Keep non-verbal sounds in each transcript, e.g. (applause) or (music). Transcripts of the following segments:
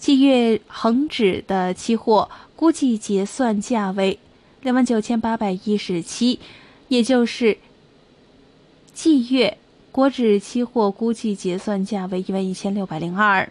季月恒指的期貨估計結算價為兩萬九千八百一十七，也就是季月國指期貨估計結算價為一萬一千六百零二。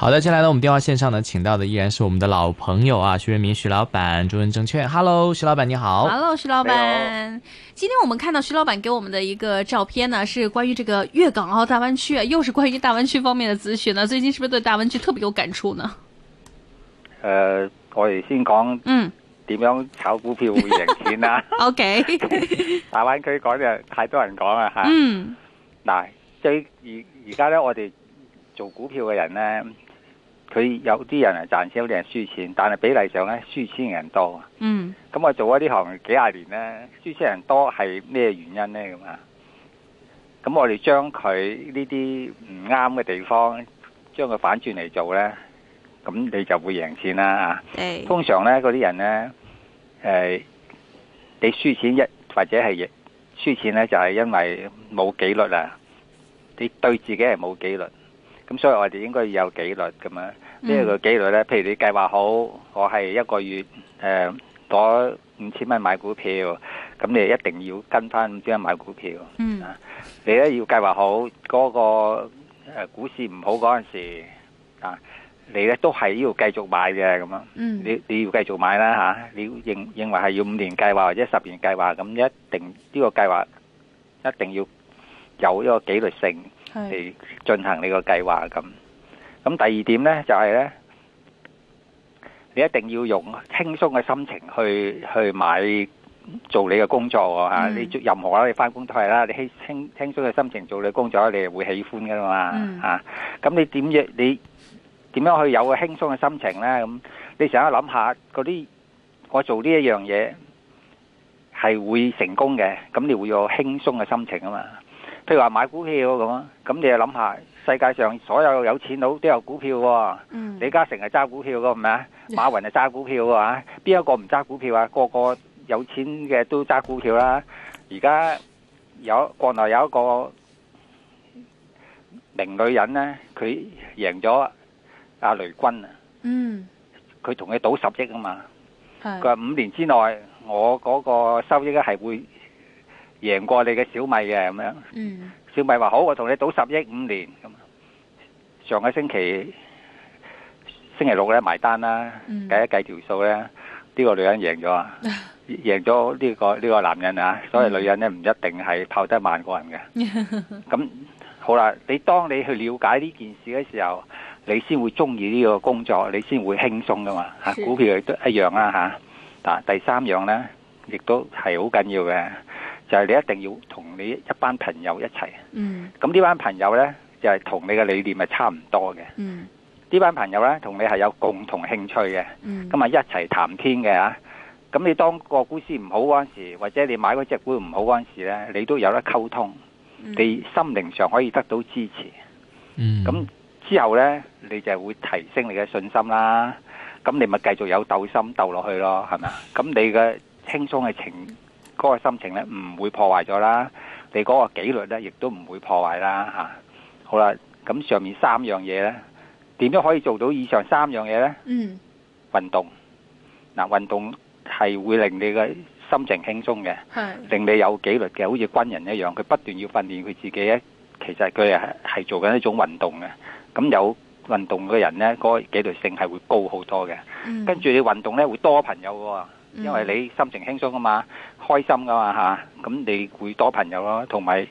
好的，接下來呢，我們電話線上呢，請到的依然是我們的老朋友啊，徐潤民，徐老闆，中原證券。Hello，徐老闆你好。Hello，徐老闆。今天我們看到徐老闆給我們的一個照片呢,是關於這個粵港澳大灣區啊，又是關於大灣區方面的諮詢呢。最近是不是對大灣區特別有感觸呢？呃我哋先講，嗯，點樣炒股票會贏錢啊 (laughs) (laughs) ？OK， (laughs) 大灣區講嘅太多人講、嗯、啊。哈嗯，嗱，最而而家呢，我哋做股票嘅人呢。佢有啲人係賺錢，有啲人輸錢，但係比例上咧，輸錢嘅人多。嗯，咁我做咗呢行幾廿年咧，輸錢人多係咩原因咧？咁啊，咁我哋將佢呢啲唔啱嘅地方，將佢反轉嚟做咧，咁你就會贏錢啦，哎。通常咧嗰啲人咧，誒、哎，你輸錢一或者係輸錢咧，就係因為冇紀律啦，你對自己係冇紀律。咁所以我哋應該要有紀律咁樣，呢個紀律咧。譬如你計劃好，我係一個月誒攞五千蚊買股票，咁你一定要跟翻五千蚊買股票。嗯，你咧要計劃好嗰個誒股市唔好嗰陣時，啊，你咧都係要繼續買嘅咁樣。嗯，你你要繼續買啦嚇，你認認為係要五年計劃或者十年計劃，咁一定，呢個計劃一定要有一個紀律性。嚟進行你個計劃咁，咁第二點呢，就係、是、呢：你一定要用輕鬆嘅心情去去買做你嘅工作喎、嗯啊、你做任何啦，你翻工都係啦，你輕輕鬆嘅心情做你嘅工作，你係會喜歡噶嘛嚇。咁、嗯啊、你點樣你點樣去有個輕鬆嘅心情呢？咁你成日諗下嗰啲我做呢一樣嘢係會成功嘅，咁你會有輕鬆嘅心情啊嘛。譬如話買股票咁啊，咁你就諗下，世界上所有有錢佬都有股票喎。嗯。李嘉誠係揸股票嘅，係咪啊？馬雲係揸股票嘅啊？邊 (laughs) 一個唔揸股票啊？個個有錢嘅都揸股票啦。而家有國內有一個名女人咧，佢贏咗阿雷軍啊。嗯。佢同佢賭十億啊嘛。係。佢話五年之內，我嗰個收益咧係會。贏過你嘅小米嘅，咁樣，小米話好，我同你賭十億五年咁。上個星期星期六咧埋單啦，計一計條數咧，呢個女人贏咗啊，贏咗呢個呢個男人啊，所以女人咧唔一定係跑得慢個人嘅。咁好啦，你當你去了解呢件事嘅時候，你先會中意呢個工作，你先會輕鬆噶嘛。吓，股票亦都一樣啦吓。嗱，第三樣咧，亦都係好緊要嘅。就係、是、你一定要同你一班朋友一齊，咁、嗯、呢班朋友呢，就係、是、同你嘅理念係差唔多嘅，呢、嗯、班朋友呢，同你係有共同興趣嘅，咁、嗯、啊一齊談天嘅啊，咁你當個股市唔好嗰陣時，或者你買嗰隻股唔好嗰陣時呢，你都有得溝通，你心靈上可以得到支持，咁、嗯、之後呢，你就會提升你嘅信心啦，咁你咪繼續有鬥心鬥落去咯，係咪啊？咁你嘅輕鬆嘅情。嗯嗰個心情咧唔會破壞咗啦，你嗰個紀律咧亦都唔會破壞啦嚇。好啦，咁上面三樣嘢咧，點樣可以做到以上三樣嘢咧？嗯，運動嗱運動係會令你嘅心情輕鬆嘅，係令你有紀律嘅，好似軍人一樣，佢不斷要訓練佢自己咧。其實佢係係做緊一種運動嘅。咁有運動嘅人咧，個紀律性係會高好多嘅。嗯，跟住你運動咧會多朋友喎。嗯、因為你心情輕鬆啊嘛，開心啊嘛吓，咁你會多朋友咯，同埋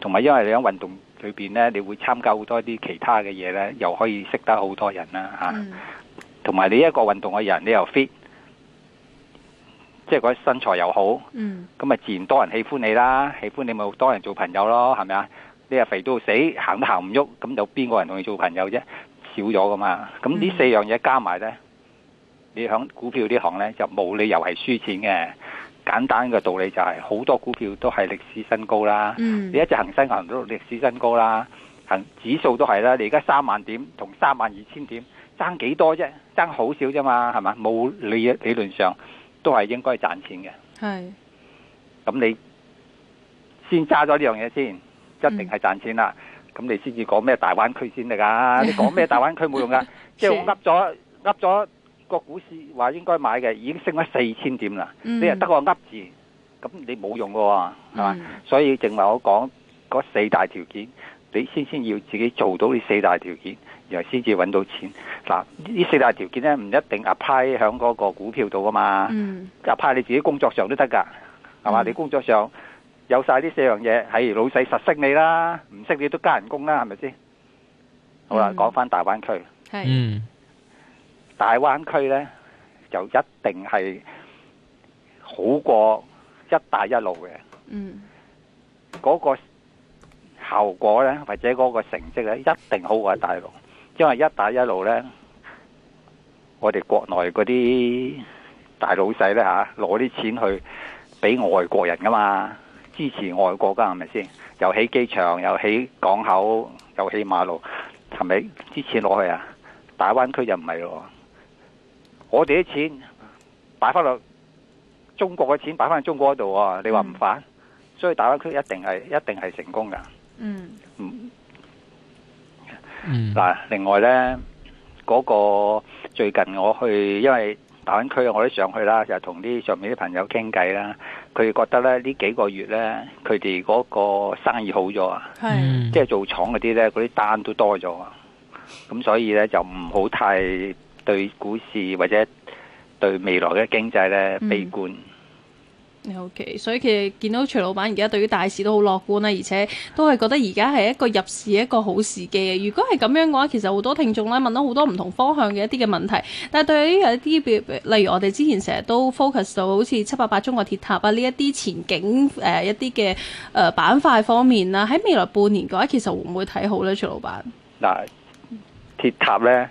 同埋因為你喺運動裏邊咧，你會參加好多啲其他嘅嘢咧，又可以識得好多人啦吓，同、啊、埋、嗯、你一個運動嘅人，你又 fit，即係嗰啲身材又好，咁、嗯、啊自然多人喜歡你啦，喜歡你咪好多人做朋友咯，係咪啊？你又肥到死，行都行唔喐，咁有邊個人同你做朋友啫？少咗噶嘛，咁呢四樣嘢加埋咧。嗯呢你喺股票呢行呢，就冇理由係輸錢嘅。簡單嘅道理就係好多股票都係歷史新高啦，你一隻恆生銀行都歷史新高啦，恆指數都係啦。你而家三萬點同三萬二千點爭幾多啫？爭好少啫嘛，係嘛？冇理理論上都係應該係賺錢嘅。係。咁你先揸咗呢樣嘢先，一定係賺錢啦。咁你先至講咩大灣區先嚟㗎？你講咩大灣區冇用㗎，即係我噏咗噏咗。個股市話應該買嘅，已經升咗四千點啦、嗯。你又得個噏字，咁你冇用㗎喎、啊，係、嗯、嘛？所以正話我講嗰四大條件，你先先要自己做到呢四大條件，然後先至揾到錢。嗱，呢、嗯、四大條件呢，唔一定阿派響嗰個股票度噶嘛，就、嗯、派你自己工作上都得噶，係、嗯、嘛？你工作上有晒呢四樣嘢，係老細實識你啦，唔識你都加人工啦，係咪先？好啦，講翻大灣區，嗯。大灣區呢，就一定係好過一帶一路嘅，嗰個效果呢，或者嗰個成績呢，一定好過喺大陸，因為一帶一路呢，我哋國內嗰啲大老細呢，吓攞啲錢去俾外國人噶嘛，支持外國噶係咪先？又起機場又起港口又起馬路，係咪支持落去啊？大灣區就唔係咯。我哋啲錢擺翻落中國嘅錢擺翻喺中國嗰度啊！你話唔反，嗯、所以大灣區一定係一定係成功噶。嗯嗯嗱，另外咧，嗰、嗰個最近我去，因為大灣區我都上去啦,就同啲上面啲朋友傾偈啦。佢哋覺得咧呢幾個月咧，佢哋嗰個生意好咗啊，嗯、即係做廠嗰啲咧，嗰啲單都多咗啊。咁所以咧就唔好太。對股市或者對未來嘅經濟咧，悲觀。嗯、okay，所以其實見到徐老闆而家對於大市都好樂觀啦，而且都係覺得而家係一個入市一個好時機。如果係咁樣嘅話，其實好多聽眾咧問到好多唔同方向嘅一啲嘅問題，但係對於一啲，例如我哋之前成日都 focus 到好似七八八中國鐵塔啊，呢一啲前景誒、呃、一啲嘅誒板塊方面啦，喺未來半年嘅話，其實會唔會睇好咧，徐老闆？嗱、啊。鐵塔咧，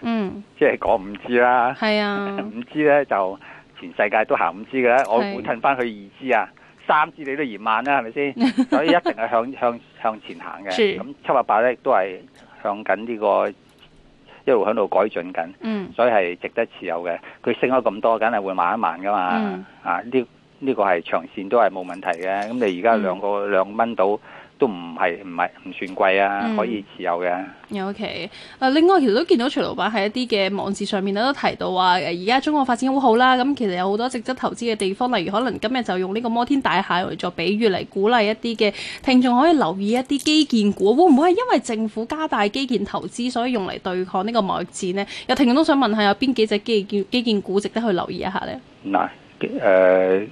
即係講 5G 啦，5G 咧就全世界都行 5G 嘅。我褪翻去 2G 啊，3G 你都嫌慢啦，係咪先？所以一定係向向向前行嘅。咁七八八咧都係向緊呢個一路響度改進緊，所以係值得持有嘅。佢升咗咁多，梗係會慢一慢噶嘛、嗯。啊，呢呢、這個係長線都係冇問題嘅。咁你而家兩個兩蚊到。嗯都唔係唔係唔算貴啊、嗯，可以持有嘅。OK，啊，另外其實都見到徐老闆喺一啲嘅網誌上面咧都提到話，誒而家中國發展好好啦，咁其實有好多值得投資嘅地方，例如可能今日就用呢個摩天大廈嚟作比喻嚟鼓勵一啲嘅聽眾可以留意一啲基建股，會唔會係因為政府加大基建投資，所以用嚟對抗呢個貿易戰咧？有聽眾都想問下，有邊幾隻基建基建股值得去留意一下呢？嗱，誒。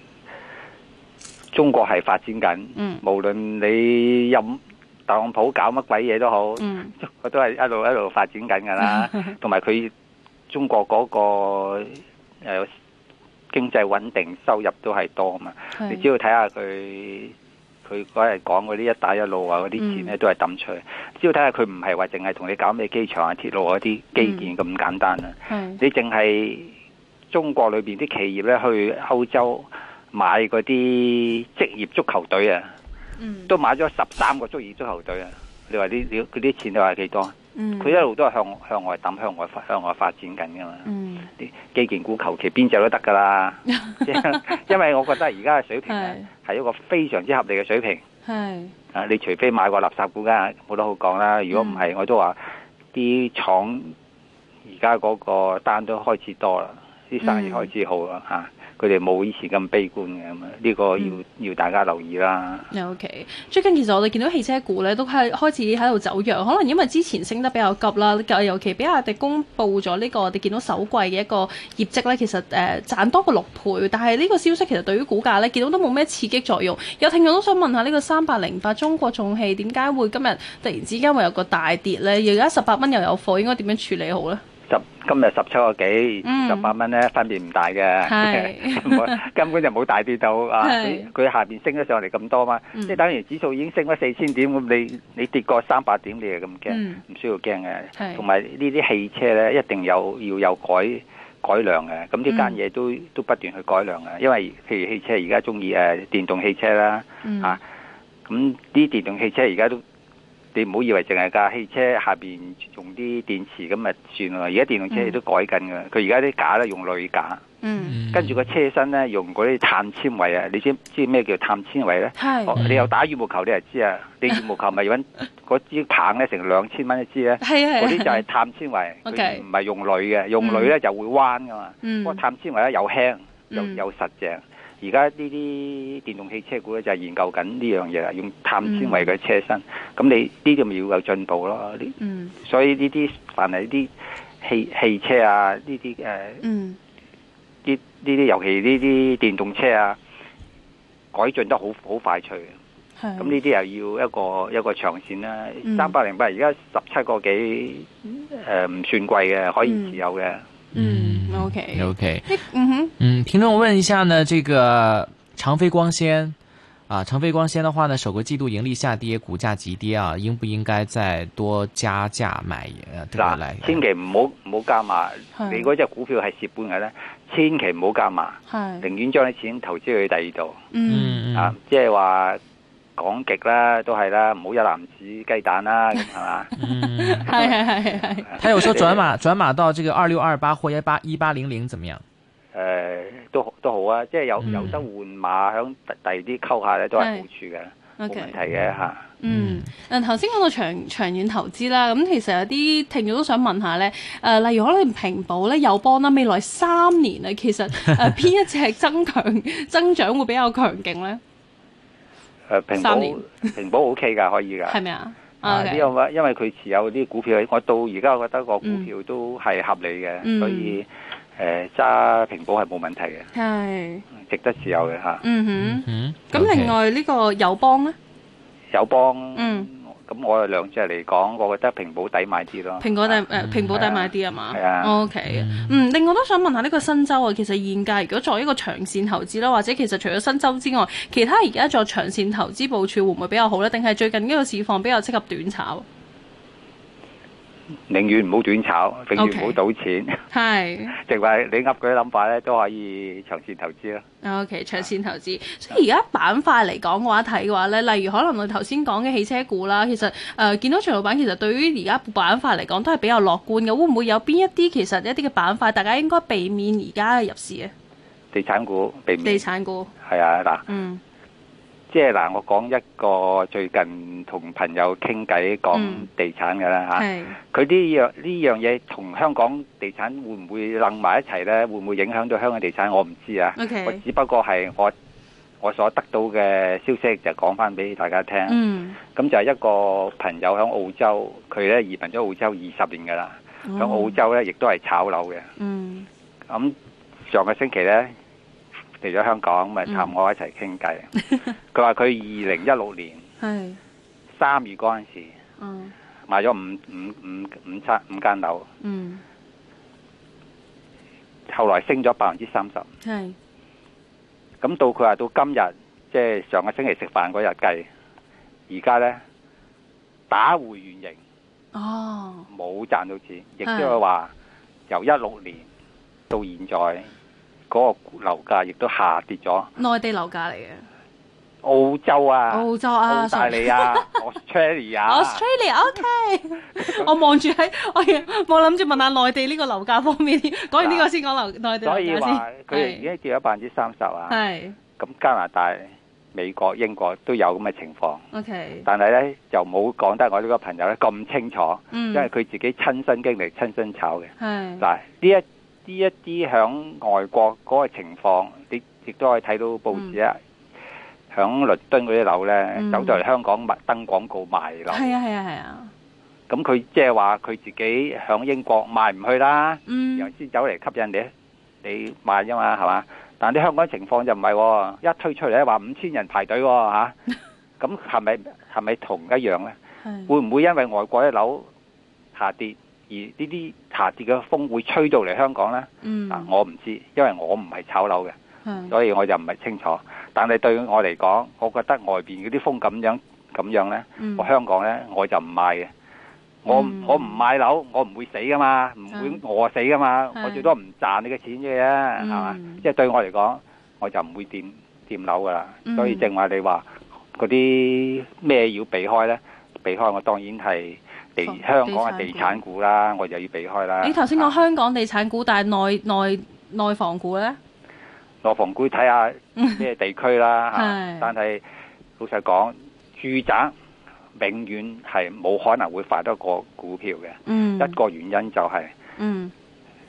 中國係發展緊，無論你任特朗普搞乜鬼嘢都好，佢、嗯、都係一路一路發展緊噶啦。同埋佢中國嗰、那個誒經濟穩定，收入都係多嘛。你只要睇下佢佢嗰日講嗰啲一帶一路啊嗰啲錢咧、嗯，都係抌出去。只要睇下佢唔係話淨係同你搞咩機場啊、鐵路啊啲基建咁簡單啊。你淨係中國裏邊啲企業咧去歐洲。買嗰啲職業足球隊啊、嗯，都買咗十三個職業足球隊啊！你話啲料啲錢你話幾多？佢、嗯、一路都係向向外抌、向外發、向外發展緊噶嘛。啲、嗯、基建股求其邊隻都得噶啦， (laughs) 因為我覺得而家嘅水平係一個非常之合理嘅水平。係啊，你除非買個垃圾股，梗係冇得好講啦。如果唔係，不我都話啲廠而家嗰個單都開始多啦，啲生意開始好啦吓。嗯啊佢哋冇以前咁悲觀嘅咁呢個要、嗯、要大家留意啦。OK，最近其實我哋見到汽車股咧都係開始喺度走弱，可能因為之前升得比較急啦。尤其比亞迪公布咗呢個，我哋見到首季嘅一個業績咧，其實誒、呃、賺多過六倍，但係呢個消息其實對於股價咧，見到都冇咩刺激作用。有聽眾都想問一下呢個三百零八中國重汽點解會今日突然之間會有一個大跌咧？而家十八蚊又有貨，應該點樣處理好咧？今日十七個幾，十八蚊咧，分別唔大嘅， (laughs) 根本就冇大跌到啊！佢下邊升咗上嚟咁多嘛？即係等於指數已經升咗四千點，咁、嗯、你你跌過三百點，你係咁驚？唔、嗯、需要驚嘅。同埋呢啲汽車咧，一定要有要有改改良嘅。咁呢間嘢都、嗯、都不斷去改良嘅，因為譬如汽車而家中意誒電動汽車啦，嚇咁啲電動汽車而家都。你唔好以為淨係架汽車下邊用啲電池咁咪算咯，而家電動車亦、嗯、都改緊噶，佢而家啲架咧用鋁架，嗯、跟住個車身咧用嗰啲碳纖維啊，你知知咩叫碳纖維咧、哦？你又打羽毛球你係知啊，你羽毛球咪揾嗰支棒咧成兩千蚊一支咧，嗰 (laughs) 啲就係碳纖維，佢唔係用鋁嘅，用鋁咧就會彎噶嘛，個、嗯、碳、哦、纖維咧又輕又又實淨。嗯而家呢啲電動汽車股咧就係研究緊呢樣嘢啦，用碳纖維嘅車身，咁、嗯、你呢啲咪要有進步咯？嗯，所以呢啲凡係啲汽汽車啊，呢啲誒，嗯，呢呢啲尤其呢啲電動車啊，改進得好好快脆嘅，係。咁呢啲又要一個一個長線啦、啊嗯，三百零八而家十七個幾誒，唔、呃、算貴嘅，可以持有嘅，嗯。嗯。O K O K，嗯哼，嗯，聽眾問一下呢，這個長飛光纖，啊，長飛光纖的話呢，首個季度盈利下跌，股價急跌啊，應不應該再多加價買？嗱、啊，千祈唔好唔好加碼，你嗰隻股票係蝕本嘅咧，千祈唔好加碼，係，寧願將啲錢投資去第二度，嗯，啊，即係話。講極啦，都係啦，唔好一籃子雞蛋啦，係嘛？ (laughs) 嗯，係係係係。他有說轉馬轉馬，到這個二六二八或一八一八零零，怎麼樣？誒、呃，都都好啊，即係有有得換馬響第啲溝下咧，都係好處嘅，冇問題嘅吓。嗯，誒，頭先講到長長遠投資啦，咁其實有啲聽眾都想問下咧，誒、呃，例如可能平保咧、友邦啦，未來三年呢，其實誒邊、呃、一隻增強 (laughs) 增長會比較強勁咧？誒，平保平保 O K 噶，可以噶。係咪？Okay. 啊？啊、這個，因為因為佢持有啲股票，我到而家我覺得個股票都係合理嘅、嗯，所以誒揸、呃、平保係冇問題嘅，係、嗯、值得持有嘅吓、啊。嗯哼，咁另外呢個友邦咧，友邦嗯。咁我哋兩隻嚟講，我覺得平保抵買啲咯，呃。平保、呃、平保抵買啲、嗯、啊嘛。啊、o、okay. K，嗯，另外我都想問下呢個新洲啊。其實現價如果作為一個長線投資咧，或者其實除咗新洲之外，其他而家做長線投資部署會唔會比較好呢？定係最近呢個市況比較適合短炒？寧願唔好短炒，永遠唔好賭錢。係，淨係你噏嗰啲諗法咧，都可以長線投資啦。O、okay, K，長線投資。啊、所以而家板塊嚟講嘅話睇嘅話咧，例如可能我頭先講嘅汽車股啦，其實誒、呃、見到徐老闆，其實對於而家板塊嚟講都係比較樂觀嘅。會唔會有邊一啲其實一啲嘅板塊，大家應該避免而家入市啊？地產股避免。地產股係啊嗱。嗯。即係嗱，我講一個最近同朋友傾偈講地產嘅啦嚇，佢呢樣呢樣嘢同香港地產會唔會楞埋一齊呢？會唔會影響到香港地產？我唔知啊，我只不過係我我所得到嘅消息就講翻俾大家聽。咁就係一個朋友喺澳洲，佢呢移民咗澳洲二十年嘅啦，喺澳洲呢亦都係炒樓嘅。咁上個星期呢。嚟咗香港咪氹我一齊傾偈。佢話佢二零一六年三月嗰陣時、嗯、買咗五五五五間五間樓，嗯，後來升咗百分之三十。咁到佢話到今日，即、就、係、是、上個星期食飯嗰日計，而家咧打回原形，冇、哦、賺到錢，亦都係話由一六年到現在。嗰、那個樓價亦都下跌咗。內地樓價嚟嘅。澳洲啊。澳洲啊。澳大利亞。 (laughs) Australia、啊。Australia (laughs) O、okay、K。 (laughs) 我望住喺，我冇諗住問下內地呢個樓價方面，講完呢個先講內地樓價。所以話佢而家跌咗百分之三十啊。係。咁、嗯嗯、加拿大、美國、英國都有咁嘅情況。O、okay、K。但係咧就冇講得我呢個朋友咧咁清楚，嗯、因為佢自己親身經歷、親身炒嘅。係。嗱呢一呢一啲喺外國嗰個情況，你亦都可以睇到報紙啊！喺倫敦嗰啲樓咧，走咗嚟香港物登廣告賣樓。係啊係啊係啊！咁佢即係話佢自己響英國賣唔去啦，嗯，又先走嚟吸引你，你買啫嘛，係嘛？但係啲香港情況就唔係，一推出嚟話五千人排隊吓，咁係咪係咪同一樣咧？會唔會因為外國嘅樓下跌？而呢啲下跌嘅風會吹到嚟香港呢？嗯、啊，我唔知，因為我唔係炒樓嘅，所以我就唔係清楚。但係對我嚟講，我覺得外邊嗰啲風咁樣咁樣呢，我、嗯、香港呢，我就唔買嘅。我、嗯、我唔買樓，我唔會死噶嘛，唔會餓死噶嘛。的我最多唔賺你嘅錢啫，係嘛？即、嗯、係對我嚟講，我就唔會掂掂樓噶啦。所以正話你話嗰啲咩要避開呢？避開我當然係。地香港嘅地產股啦產股，我就要避開啦。你頭先講香港地產股，啊、但係內內內房股呢？內房股睇下咩地區啦， (laughs) 是啊、但係老實講，住宅永遠係冇可能會快得過股票嘅，嗯。一個原因就係，是嗯，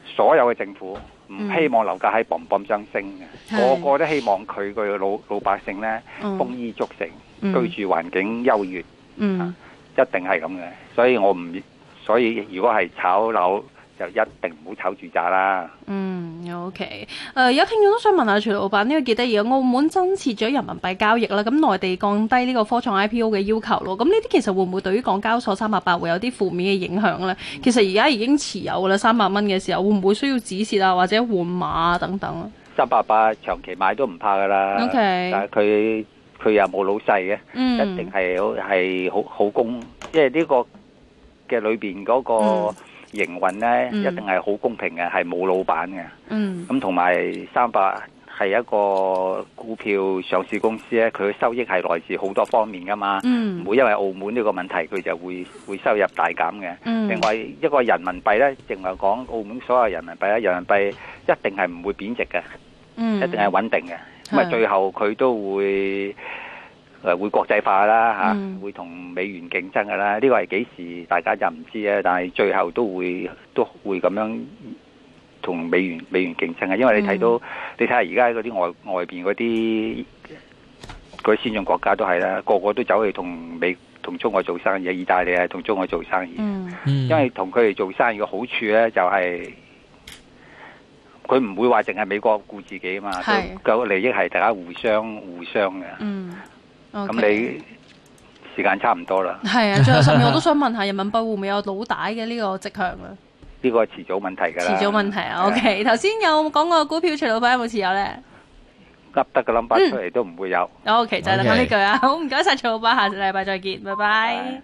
所有嘅政府唔希望樓價喺嘭嘭聲升嘅。個、嗯、個都希望佢個老老百姓呢，豐、嗯、衣足食，居、嗯、住環境優越。嗯啊一定係咁嘅，所以我唔，所以如果係炒樓，就一定唔好炒住宅啦。嗯，OK。誒、呃，有聽眾都想問一下徐老闆，呢、這個幾得意啊？澳門增設咗人民幣交易啦，咁內地降低呢個科創 IPO 嘅要求咯。咁呢啲其實會唔會對於港交所三百八會有啲負面嘅影響呢？嗯、其實而家已經持有啦三百蚊嘅時候，會唔會需要止蝕啊，或者換碼、啊、等等？三百八長期買都唔怕噶啦。OK。但係佢。佢又冇老細嘅，一定係係好好公，即係呢個嘅裏邊嗰個營運咧、嗯，一定係好公平嘅，係、嗯、冇老闆嘅。咁同埋三百係一個股票上市公司咧，佢嘅收益係來自好多方面噶嘛，唔、嗯、會因為澳門呢個問題佢就會會收入大減嘅、嗯。另外一個人民幣呢，淨係講澳門所有人民幣咧，人民幣一定係唔會貶值嘅、嗯，一定係穩定嘅。咪最後佢都會誒會國際化啦嚇、嗯啊，會同美元競爭嘅啦。呢個係幾時大家就唔知啊。但係最後都會都會咁樣同美元美元競爭嘅，因為你睇到、嗯、你睇下而家嗰啲外外邊嗰啲嗰啲先進國家都係啦，個個都走去同美同中國做生意。意大利啊，同中國做生意，嗯、因為同佢哋做生意嘅好處咧，就係、是。佢唔會話淨係美國顧自己啊嘛，佢個利益係大家互相互相嘅。嗯，咁你時間差唔多啦。係啊，最後順便我都想問下人民幣會唔會有老大嘅呢個跡象啊？呢個係遲早問題噶啦。遲早問題啊，OK。頭先有講過股票徐老闆有冇持有咧？噏得個諗法出嚟都唔會有。OK，就係諗呢句啊，好唔該晒徐老闆，下個禮拜再見，拜拜。